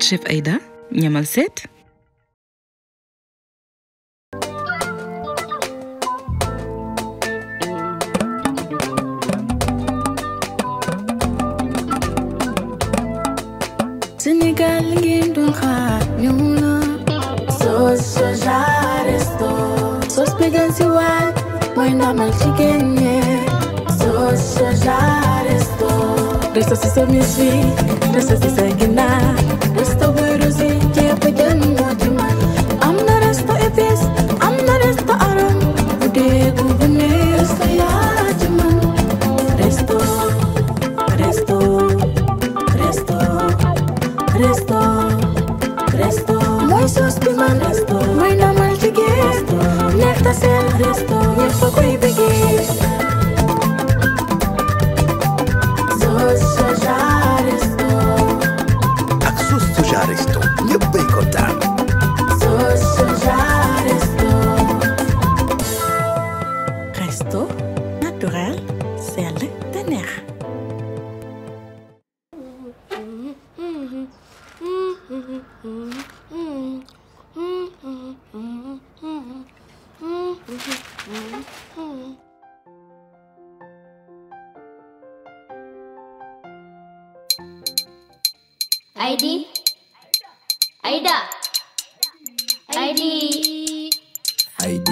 شيف أيدا يا ملسات hoja y una. Sos, sos ya esto. Sos pegas igual, buena mal chicken, yeah. Sos, sos ya esto. Resta si ba koy naturel sell te neex ID Aida ID ID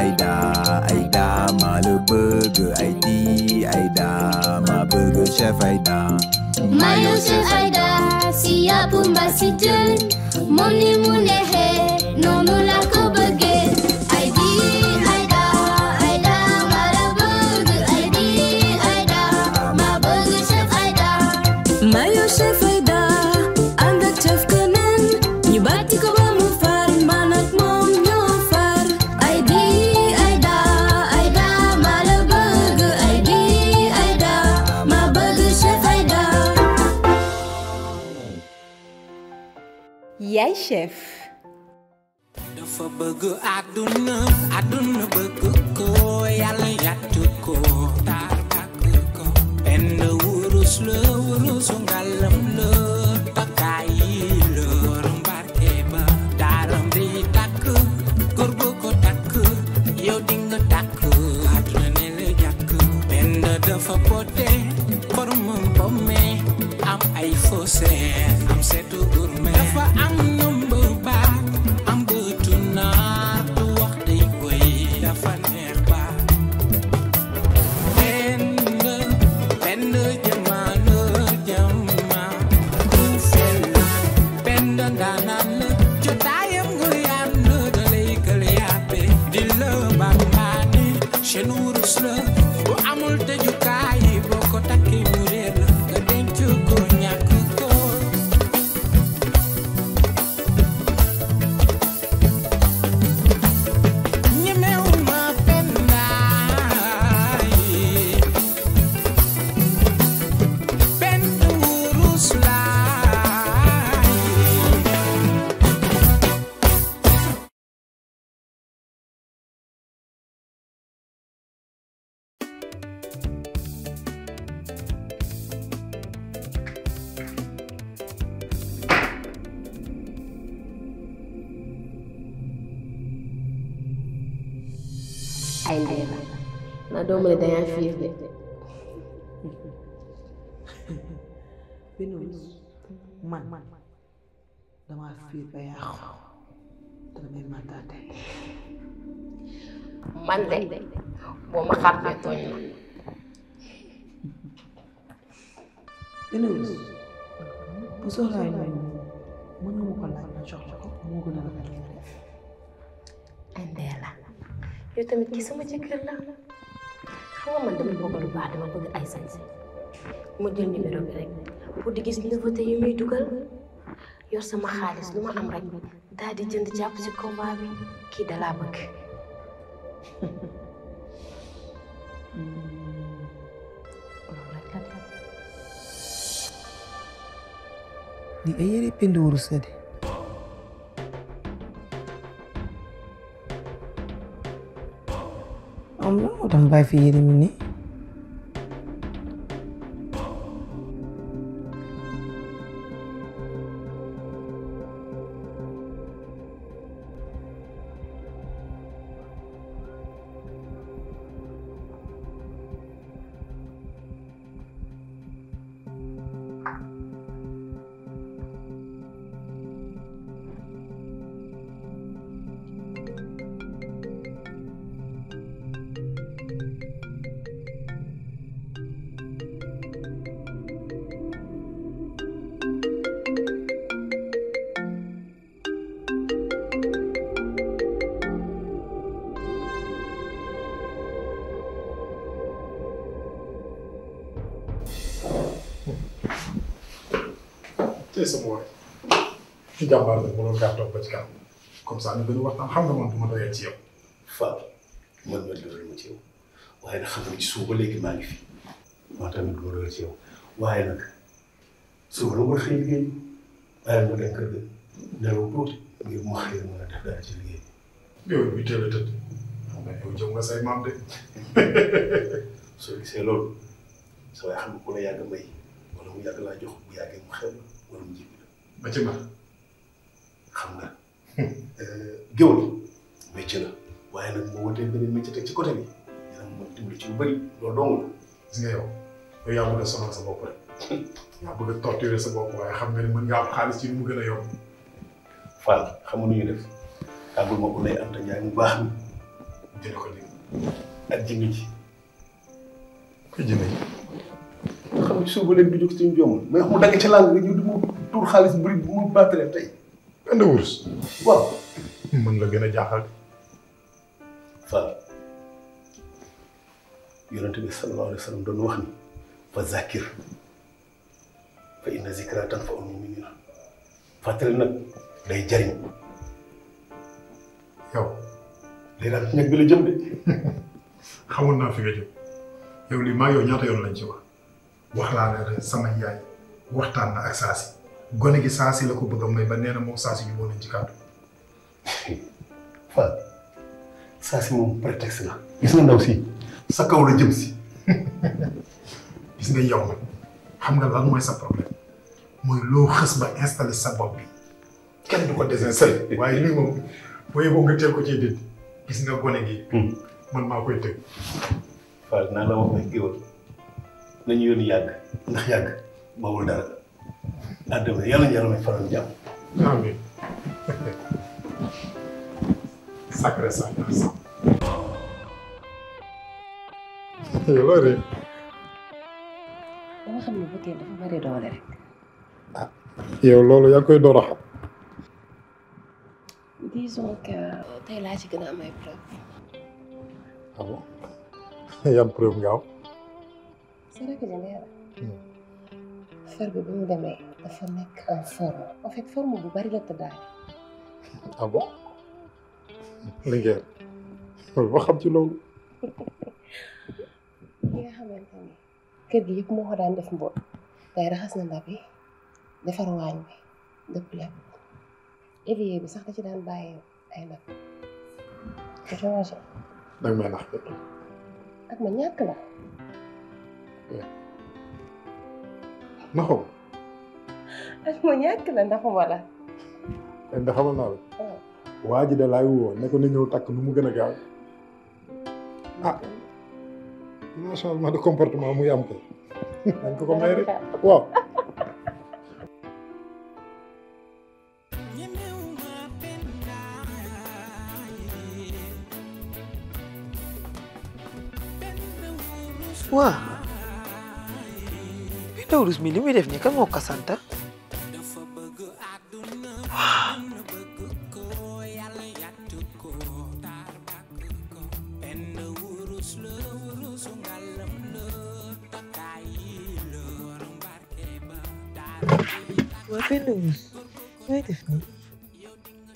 Aida Aida malu burger ID Aida ma burger chef Aida Mayo chef Aida siap ya pun masih jen Moni munehe nonula chef. dafa bëgg àdduna àdduna bëgg am ay fossé am seetu gourmet am penaus man dama fiir ba yàqu te damay màttaate man de boo ma xàmmee tooñ ma penaus bu soxlaa ñu mën nga ma ko laaj ma jox sama jëkkër la xam nga man dama bëgg lu baax dama pour di gis nouveauté yu muy dugal yor sama xaalis lu ma am rek daal di jënd jàpp ci combat bi kii da laa bëgg. Di ga pindu pindi wursa de. Am na moo tax bàyyi fi yére mi nii. téye sa moore ci jàmbaar nag mënoo gaa toog ba ci kanam comme ça ñu gën a waxtaan xam nga man du ma doyee ci yow. Fall man man loolu ma ci yow waaye nag xam nga ci suba ba léegi maa ngi fi maa tamit loolu la ci yow waaye nag suba la war xëy liggéey bàyyi ma dem kër ga nelaw tuuti ngir mu xëy mën a def dara ci liggéey bi. yow bi teel a tëdd xam nga yow jëm nga say maam de soo gisee loolu sa waay xam nga ku la yàgg may wala mu yàgg laa jox bu yàggee mu xew la. borom ji bi la ba ci mar xam nga géwal métier la waaye nag moo wotee beneen métier teg ci côté bi yàlla moo dimbali ci lu bëri loolu dong la gis nga yow yow yaa sa bopp rek yaa bëgg a sa bopp waaye xam nga ne mën nga xaalis ci mu gën a yomb Fall xam nga nu ñuy def tàggul ma ko am te njaay baax mi jënd ko jënd ak jënd ji ko jënd ji xam ne suba léegi du jóg suñu joomul mais mu dagg ci làng nga ñëw di mu tuur xaalis bu mu battalee tey. benn wurus. waaw. mën la gën a jaaxal. Fall yonent bi sallallahu alayhi wa sallam doon wax ni fa zakir fa jariñ yow. day daal ñeg bi la jëm de. naa fi nga jëm yow lii maa yow ñaata yoon lañ ci wax laa ne sama yaay waxtaan na ak saasi gone gi saasi la ko bëgg a may ba nee na moom saasi ñu woon ci kàddu. Fall saasi moom prétexte ndaw si sa kaw la jëm si. gis nga yow la xam nga lan mooy sa problème mooy loo xës ba installé sa bi kenn du ko désinstallé. waaye lii moom booy boo nga teel ko ci déet gis nga gone gi. Hmm. man maa koy tëgg. naa la wax ne géwël. nañu yónni yàgg ndax yàgg bawul dara àddama yàlla ñu yàlla may faral jàmm. amiin. sacré sacré. yow rek. dama xam ah, koy door a xam. disons que tey laa ci preuve. ah preuve nga fii rekk fer bi bu mu demee dafa nekk en forme en fait forme bu bari la tëddaay ah bon Linguère ba ci loolu li nga xamante ni kër gi yëpp moo ko daan def mbool day raxas na ndab defar waañ bi dëpp lépp évier bi sax da ci daan bàyyi ay nag te changé danga may nax ak ma ñàkk la naxaw. moo ñàkk la naxuma la. da xamal naa la. waa ji da laay woo ne ko mu gaaw. ah non changement de comportement muy ko. ko ko Pawlish mi li muy def nii kan moo ko santa waa Penda Wurus looy def nii.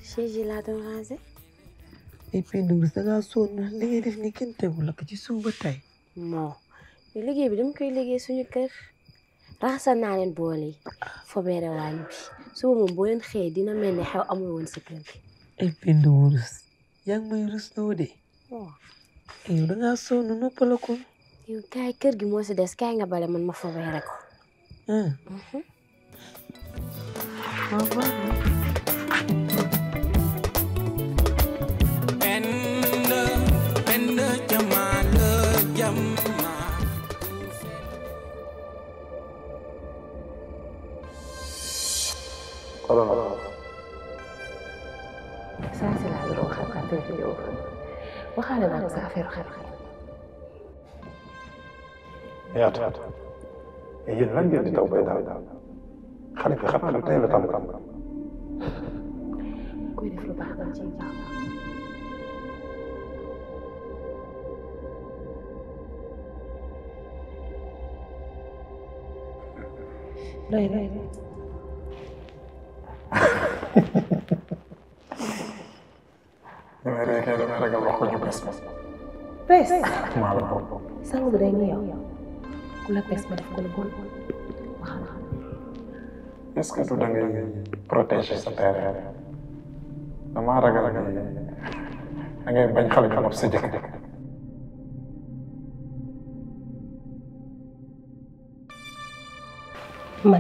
Chéji laa doon rangé. mais Penda Wurus da ngaa sonn li ngay def nii kenn tegu la ko ci suba tay. liggéey bi dama koy liggéey suñu kër. raxasal naa leen bool yi fobeere moom boo leen xëyee dina mel ne xew amul woon si kër gi. ay Bintu rus yaa ngi may rus loo de. Oh. yow da ngaa moo si des kaay nga bale man ma fobeere ko. Ah. Mhm. الصلاة ساسل على روخة قتل يوخن وخالنا مسافر خرخي يا تات هي لن يدي توبة دا خليك خلق قتل بطمك كويني في البحضة جيدا لا لا لا damay rekkee damay ragal wax ko ñu bés ma. bés maa la bon. sànq day nii yow ku la bés ce que du da ngay protéger sa terre damaa man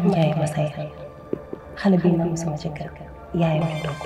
Ndiaye ma xale bii nangu sama jëkkër yaayam ñu doog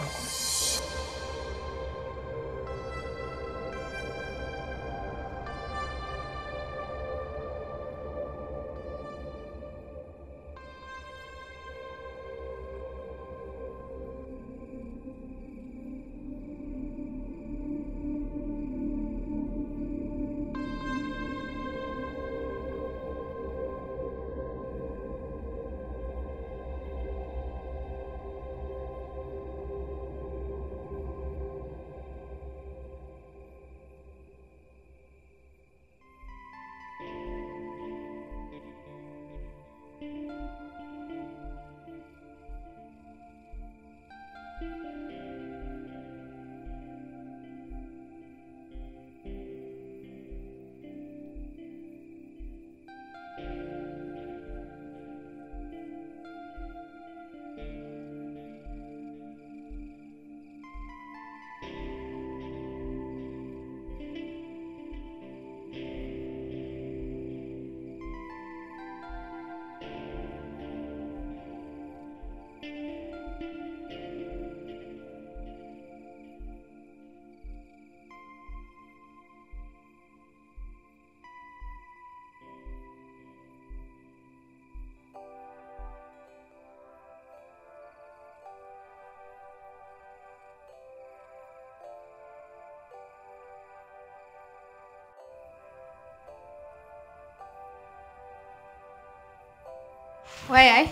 waaye ay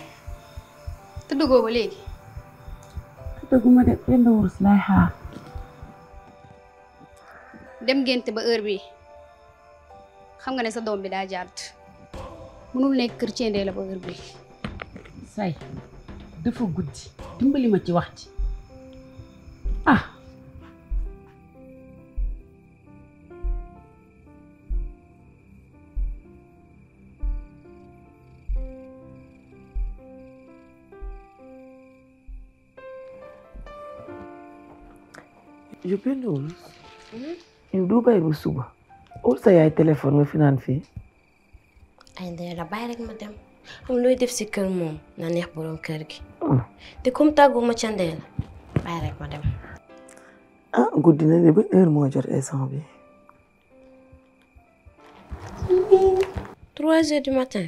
te duggoo ba léegi. dugguma de benn wurus lay xaar. dem génte ba heure bi xam nga ne sa doom bi daa jàdd mënul nekk kër la ba heure bi say dafa guddi dimbali ma ci wax ci Je peux know. Hmm? du bàyyi ba suba. ol sa yaay téléphone nga fi naan fii. é ndey la bàyyi rek ma dem xam looy def na minha borom kër gi. Hmm. te comme tàggu ma ca ndey la bàyyi rek ma dem. ah guddi na de ban heure moo jot instant bi. trois heures du matin.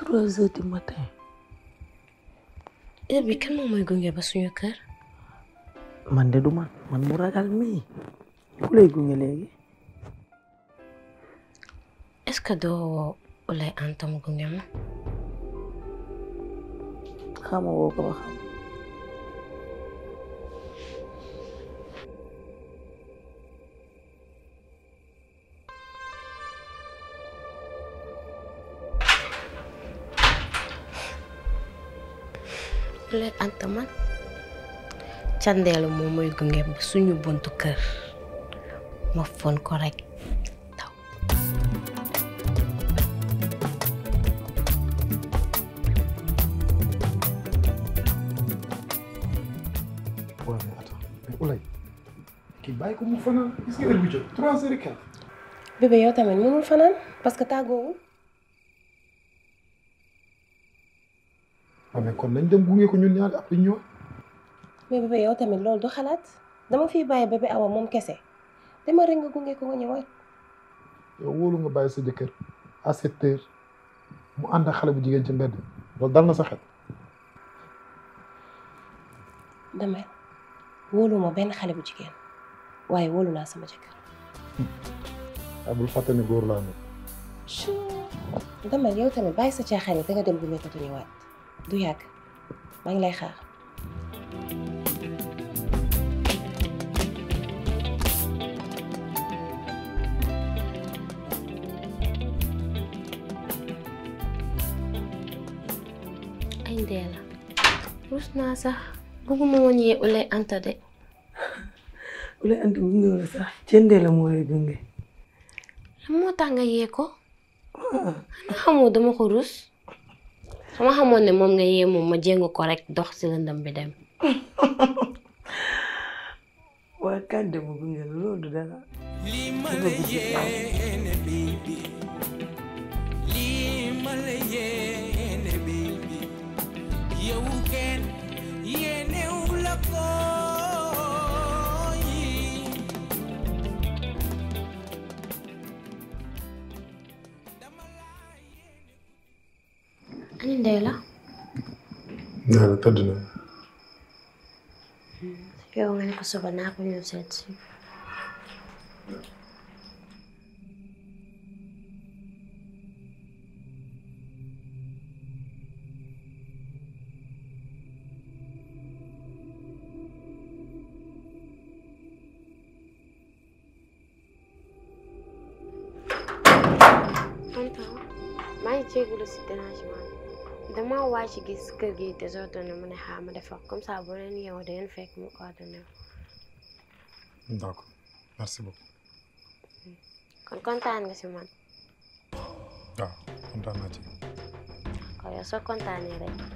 trois heures du matin. heure bi kan moom mooy gunge ba suñu man de duma man man mu ragal mi ku lay gunge léegi est-ce do doo antam gunge ma xama wo ko wax xam ulay antam candeelu moom mooy gunge ba suñu buntu kër ma fon ko rek taw waaw mais tamit mënul fanaan parce que tàggoowul ah, kon nañ dem gunge ko ñun ñaar après ñëwaat bebe yow tamit loolu du xalaat dama fiy bàyyi bébé awa moom kese dama rek nga gunge ko nga ñëwaat. yow wóolu nga bàyyi sa jëkkër à sept heures mu ànd ak xale bu jigéen ci mbedd loolu dal na sa xel. dama wóolu ma benn xale bu jigéen waaye wóolu naa sama jëkkër. ah bul fàtte ne góor laa nekk. dama yow tamit bàyyi sa caaxaan yi da nga dem gunge ko ñëwaat du yàgg maa ngi lay xaar. dela rus na sax bëgguma woon yee ulay anta de ulay anta gunge wala sax cende la moo lay gunge moo tax nga yee ko xanaa ah. dama ko rus sama xamoon ne nga ye mom ma jéngu ko rek dox si lëndam bi dem waa kàdde kan bu gunge lo do dara li ma ene yéene baby li kenn yéenewu la ko yi ani ndey la naa la tëdd na yow nga ne ko suba naa ko ñëw seet si maa ngi jégalu si dérangement dama waaj ci gis kër gi désordonné mu ne xaar ma defar comme ça boo leen yeewoo da fekk mu ordonné wu. d'accord merci beaucoup. kon kontaan nga si man. waaw kontaan naa ci. d'accord yow soo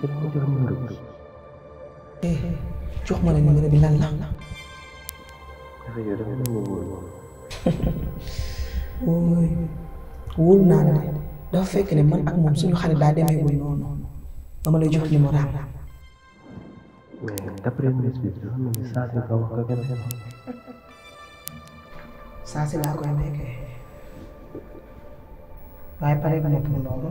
dinañ jox numéro bi. eh jox ma la numéro bi lan la. dafa yor dafa yor wóor naa la dafa fekk ne man ak moom suñu xarit daa demee wul noonu ba ma lay jox numéro am. mais d'après saa si laa koy nekkee waaye pare nga nekk noonu.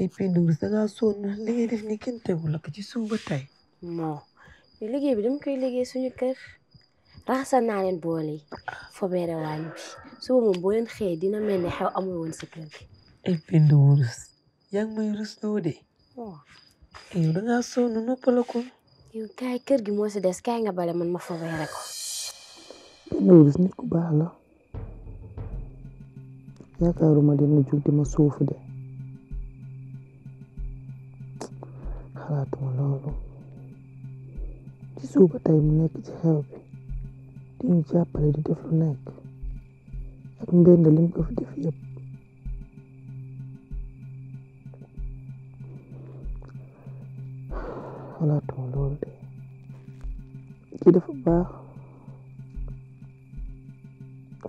et puis Doudou da ngaa sonn li ngay def ni kenn tegul ak ci suba tey. non liggéey bi dama koy liggéey suñu kër raxasal naa leen boole yi fobeere waañ bi suba moom boo leen xëyee dina mel ne xew amul woon sa kër gi. et puis Doudou moo si des kaay nga bale man ma fobeere ko. Doudou nit ku baax la yaakaaruma dina jug di ma de. xalaatuma loolu ci suba tey mu nekk ci xew bi di ñu jàppale di def lu nekk ak mbënd lim ko fi def yëpp xalaatuma loolu de ci dafa baax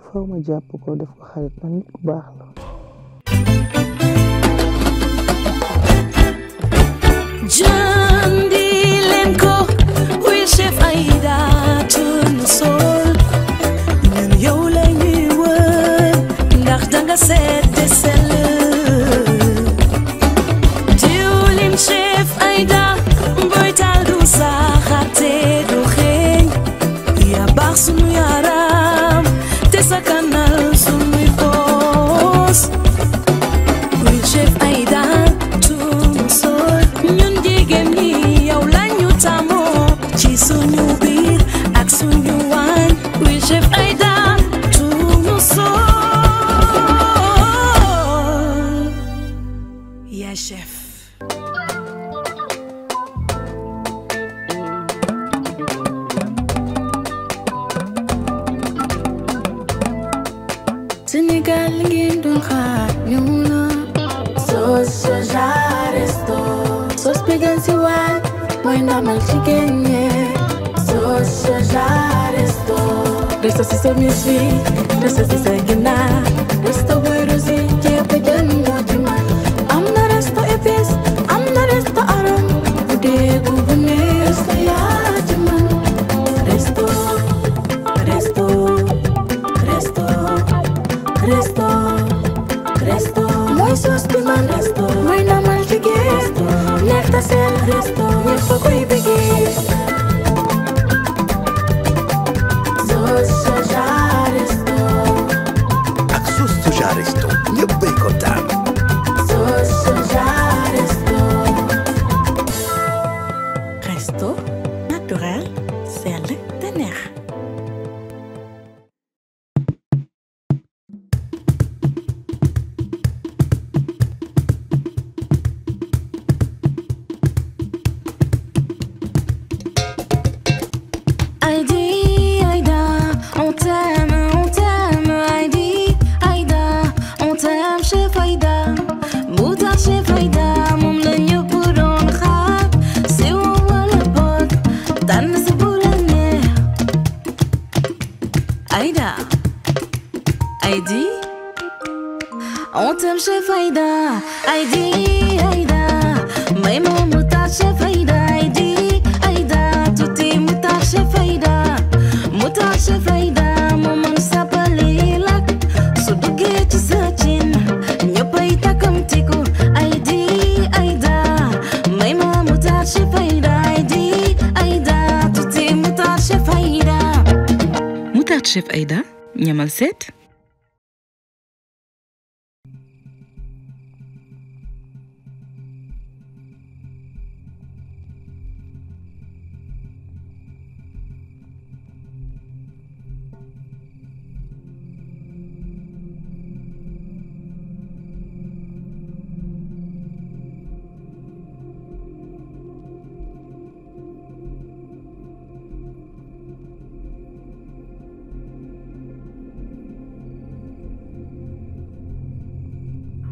faw ma jàpp ko def ko xarit man nit baax la Jan dilenko wish if i had turn the soul and you lay me word ndakh danga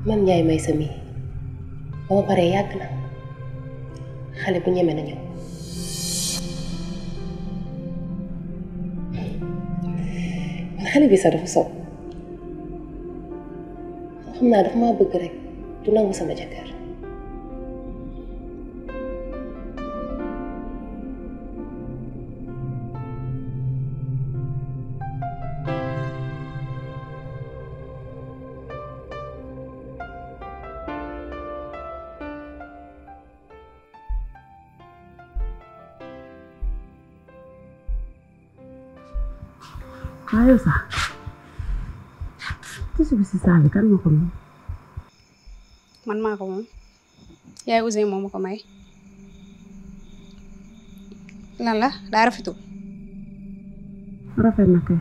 man Ndiaye may sa mii ba ma yàgg na xale bu ñeme na ñëw man xale bi sax dafa sob xam naa dafa maa bëgg rek du nangu sama jëkkër si saa kan moo ko moom man maa ko moom moom ma ko may lan la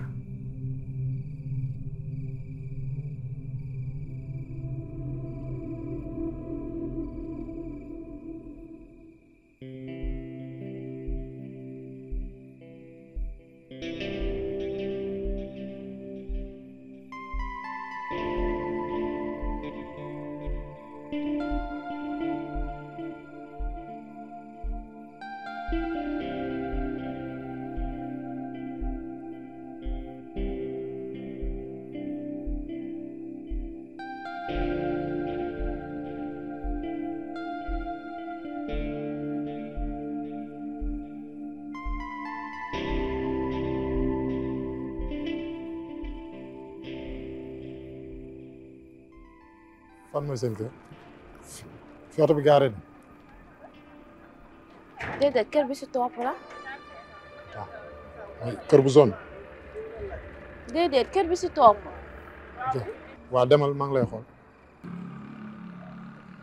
fan mooy seen fi oto bi gaaree na. déedéet kër bi si topp la. kër bu zone. déedéet kër bi si topp. waa demal maa ngi lay xool.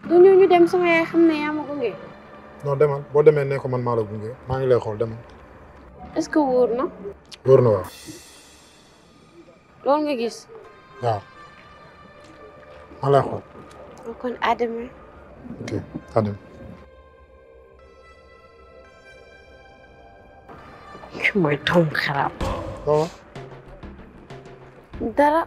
du ñu dem sama yaay xam ne yaa ma gunge. non demal boo demee ne ko man maa gunge maa ngi lay xool demal. est-ce que wóor na. wóor na waaw. loolu nga gis. waaw maa lay نكون آدم اوكي آدم شو ما خراب دارا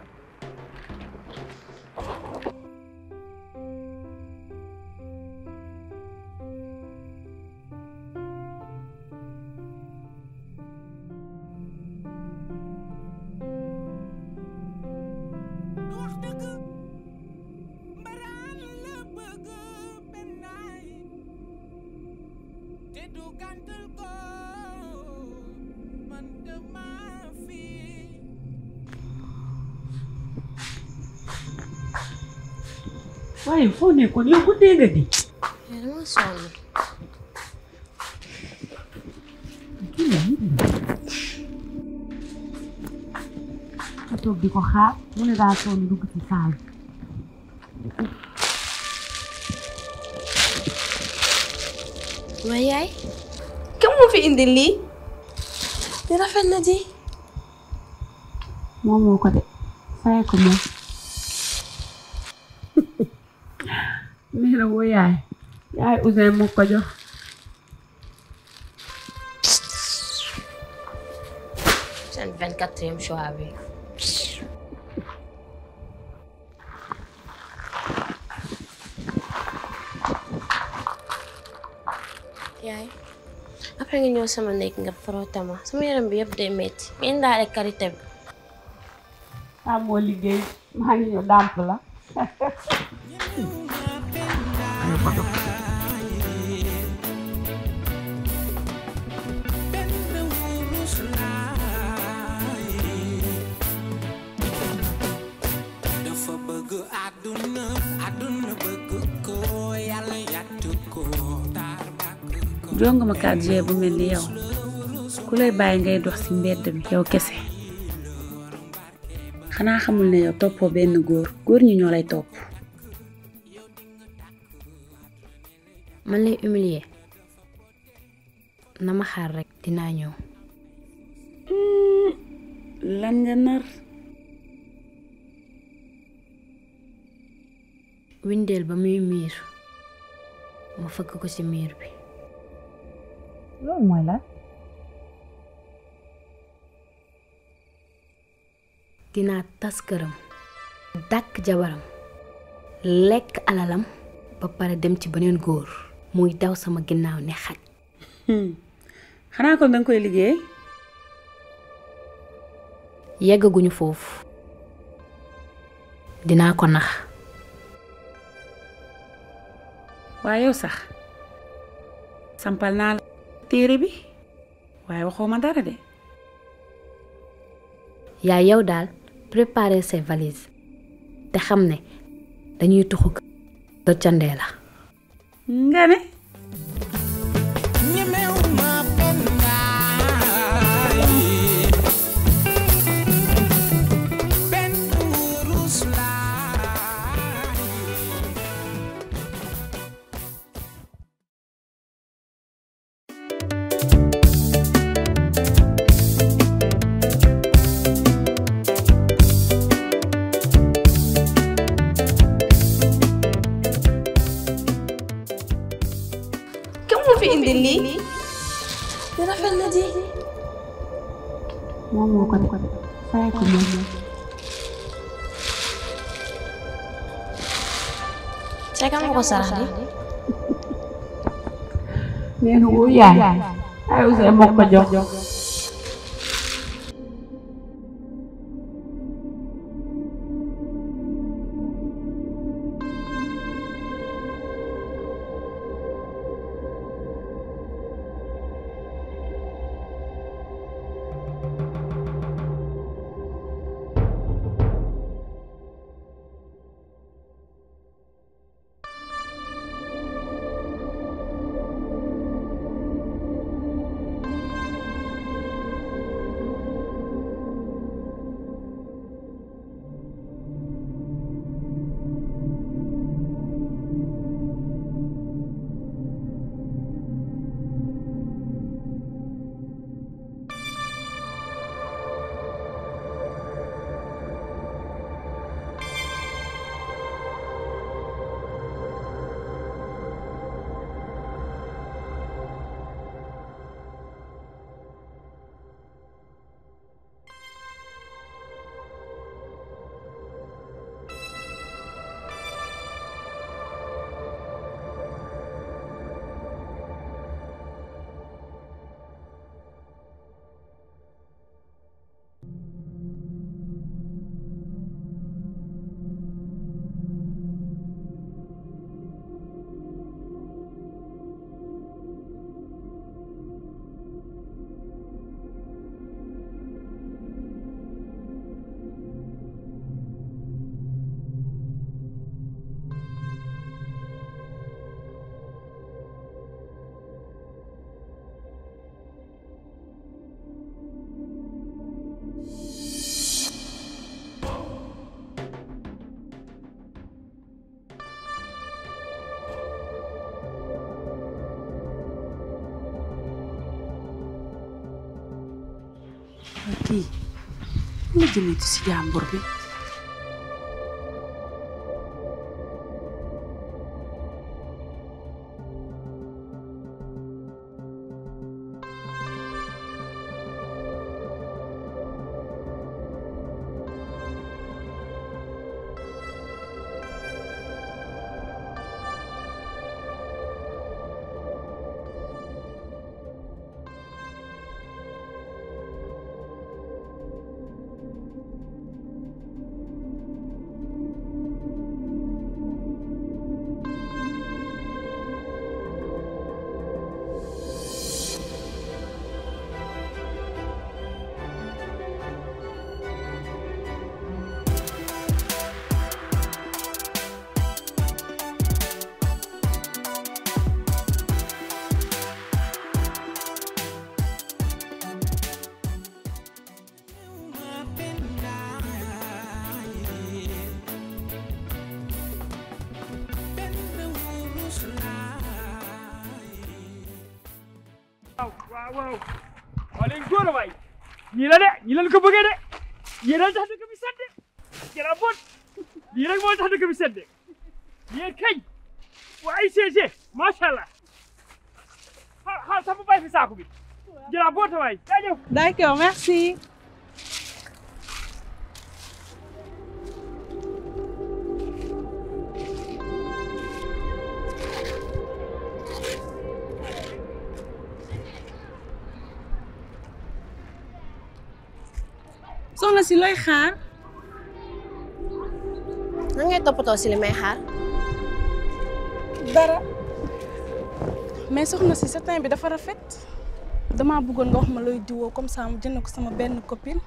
fine phone yako ni good day gadi yanuma sana ka toog di ko xaar mu ne daa sonn dugg ci saal waaye kam moo fi indi lii di na di moom moo ko de faye ko moom Baye Ouzin moo ko jox seen vingt-quatrième choix bi nga ñëw sama nekk nga frottement sama yaram bi yëpp day metti nga indaale karité bi daa moo liggéey maa ngi ñëw dàmp la jonguma quartier bu mel ni yow ku lay bàyyi ngay dox ci mbedd mi yow kese xanaa xamul ne yow toppoo benn góor góor ñi ñoo lay topp man lay humilier na ma xaar rekk dinaa ñëw hmm, lan nga nar windeel ba muy miir ma fëkk ko ci miir bi Lo mooy lan. dinaa tas këram. dak jabaram. lekk alalam. ba pare dem ci beneen góor. muy daw sama ginnaaw ne xaj. Hmm. xanaa kon danga koy liggéey. yeggaguñu ya foofu. dinaa ko nax. waa yow sax sampal naa téere bi waaye waxoo ma dara de. yaay yow daal préparer ses valises te xam ne dañuy tuxu doccandee la nga ko sarax de nee na woo yaay ay Ousseyn moo ko jox nga jëlee ci si jàmbur bi. waaw waaw waaw waaw léegi góor ko bëggee de yéen tax dëkk bi sedd jëla boot lii tax dëkk bi sedd yéen kañ waa ay CG macha allah xaal sax fi saako bi jëla boot a waay jaajëf μας ηλέχα. Na ngay toppatoo si li may xaar. dara Mesok soxna si satin bi farafet. dama bëggoon nga wax ma looy kom comme ça mu jënd sama ben kopin,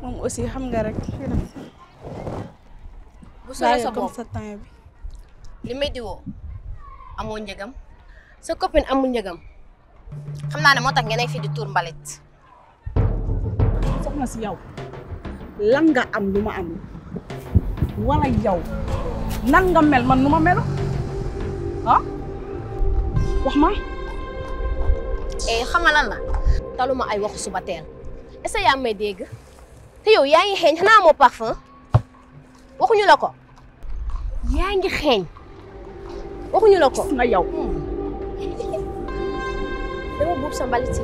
mau aussi ham nga rek. bu soobee sa bopp satin bi. li may diwoo amoo njëgam sa copine amul njëgam xam naa ne moo tax ay fii di si lan nga am lu ma amul wala yow nan nga mel man nu ma melu ah wax ma. eh xama la taluma ay waxu suba teel est yaa may dégg te yow yaa ngi xeeñ xanaa moo parfum waxuñu la ko yaa ngi xeeñ waxuñu ko. nga yow. Hmm. buub sa mbalit si.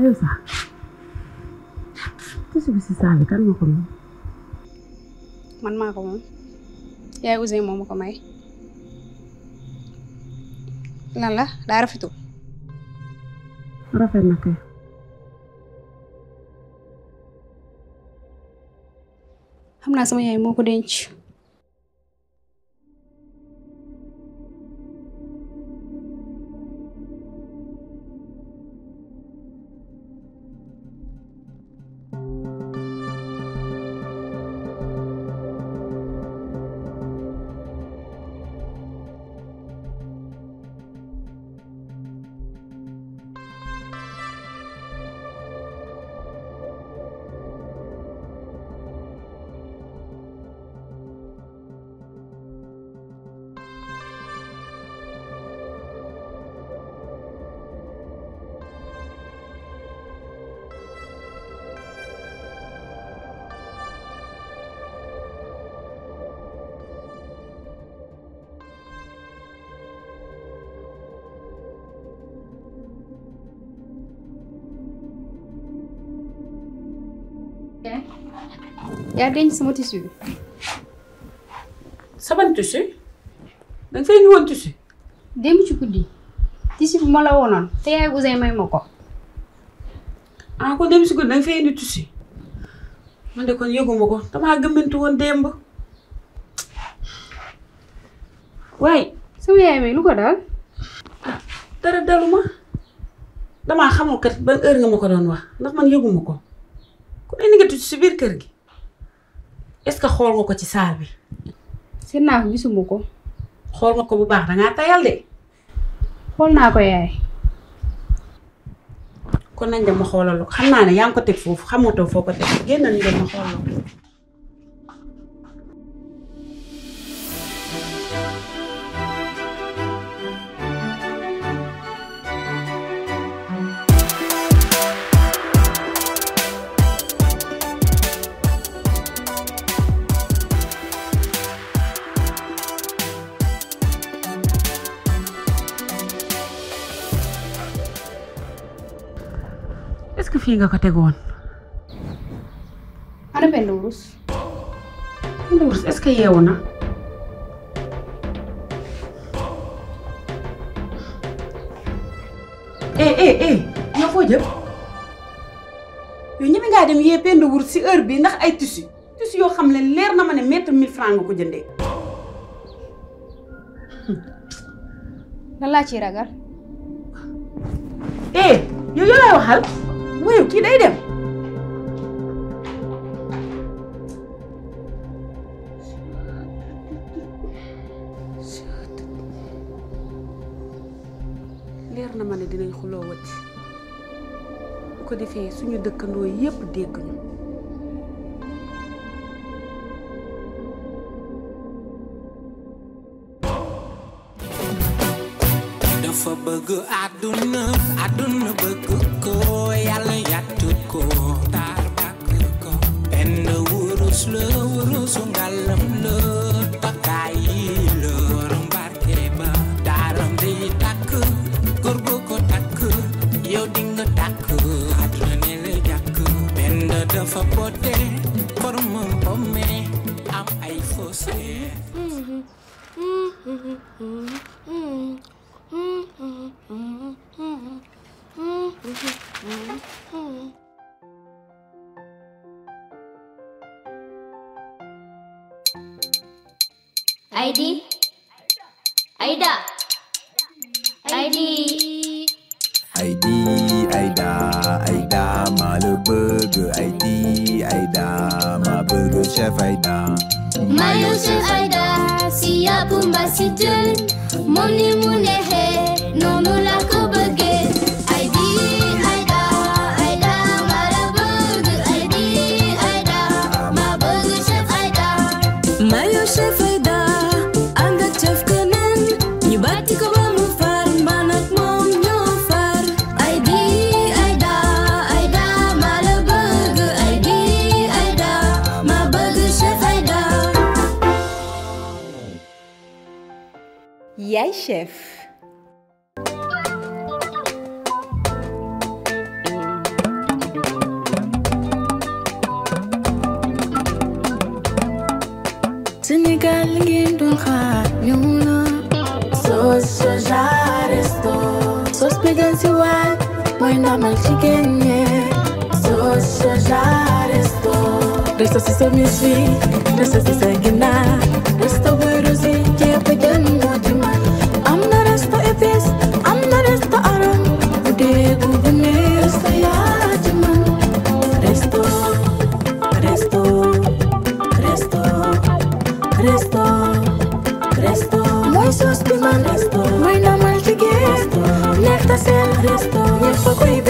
waaw yow sax si saa kan moo ko man maa moom yaay Ouzin moom ma ko may lan la daa rafetu rafet na naa sama yaay moo denc. yaa denc sama tissu bi. sa ban tissu danga fay ñu woon tissu. démb ci guddi tissu bi ma la woonoon te yaay Ouzin may ma ko. ah kon démb si guddi danga fay indi tissu man de kon yëguma ko damaa gëmmantu woon démb. waaye. sama yaay may lu ko daal. ah dara daluma dama xamul kat ban heure nga ma ko doon wax ndax man yëguma ko kon indi nga tissu biir kër gi. est-ce que xool nga ko ci saal bi. seen naa ko gisuma ko. xool nga ko bu baax dangaa tayal de. xool naa ko yaay. kon nañ dem ma xoolal ko xam naa ne yaa ngi ko teg foofu xamatoo foo ko teg génn ñu dem ma xoolal ko. kii nga ko tegoon. ana benn wurus. benn wurus est-ce que yeewu na. eh eh eh ñoo foo jëm. yow ñeme ngaa dem yee benn wurus si heure bi ndax ay tissu tissu yoo xam ne leer na ma ne mètre mille francs nga ko jëndee. lan laa ciy ragal. eh yow lay waxal. waaye kii day dem leer na ma ne dinañ xuloo wacc ko defee suñu dëkkandoo yépp dégg fa bëgg àdduna àdduna bëgg ko yàlla yàtt ko taar bàkk ko benn wurus la wurusu ngàllam la takkaay yi lor mbarke ba daaram um, day takk góor gu ko takk yow di nga takk àdduna ne la jàkk benn dafa pote formam um, um, pomme am ay fossé Mm-hmm. mm-hmm. mm-hmm. mm-hmm. yaay chef Sénégal ngeen doon xaar ñëw na soos soja resto soos bégal si waay mooy ndamal jigéen ñi soos soja resto resto si sa mis bi resto si sa ginaar resto 宝贝。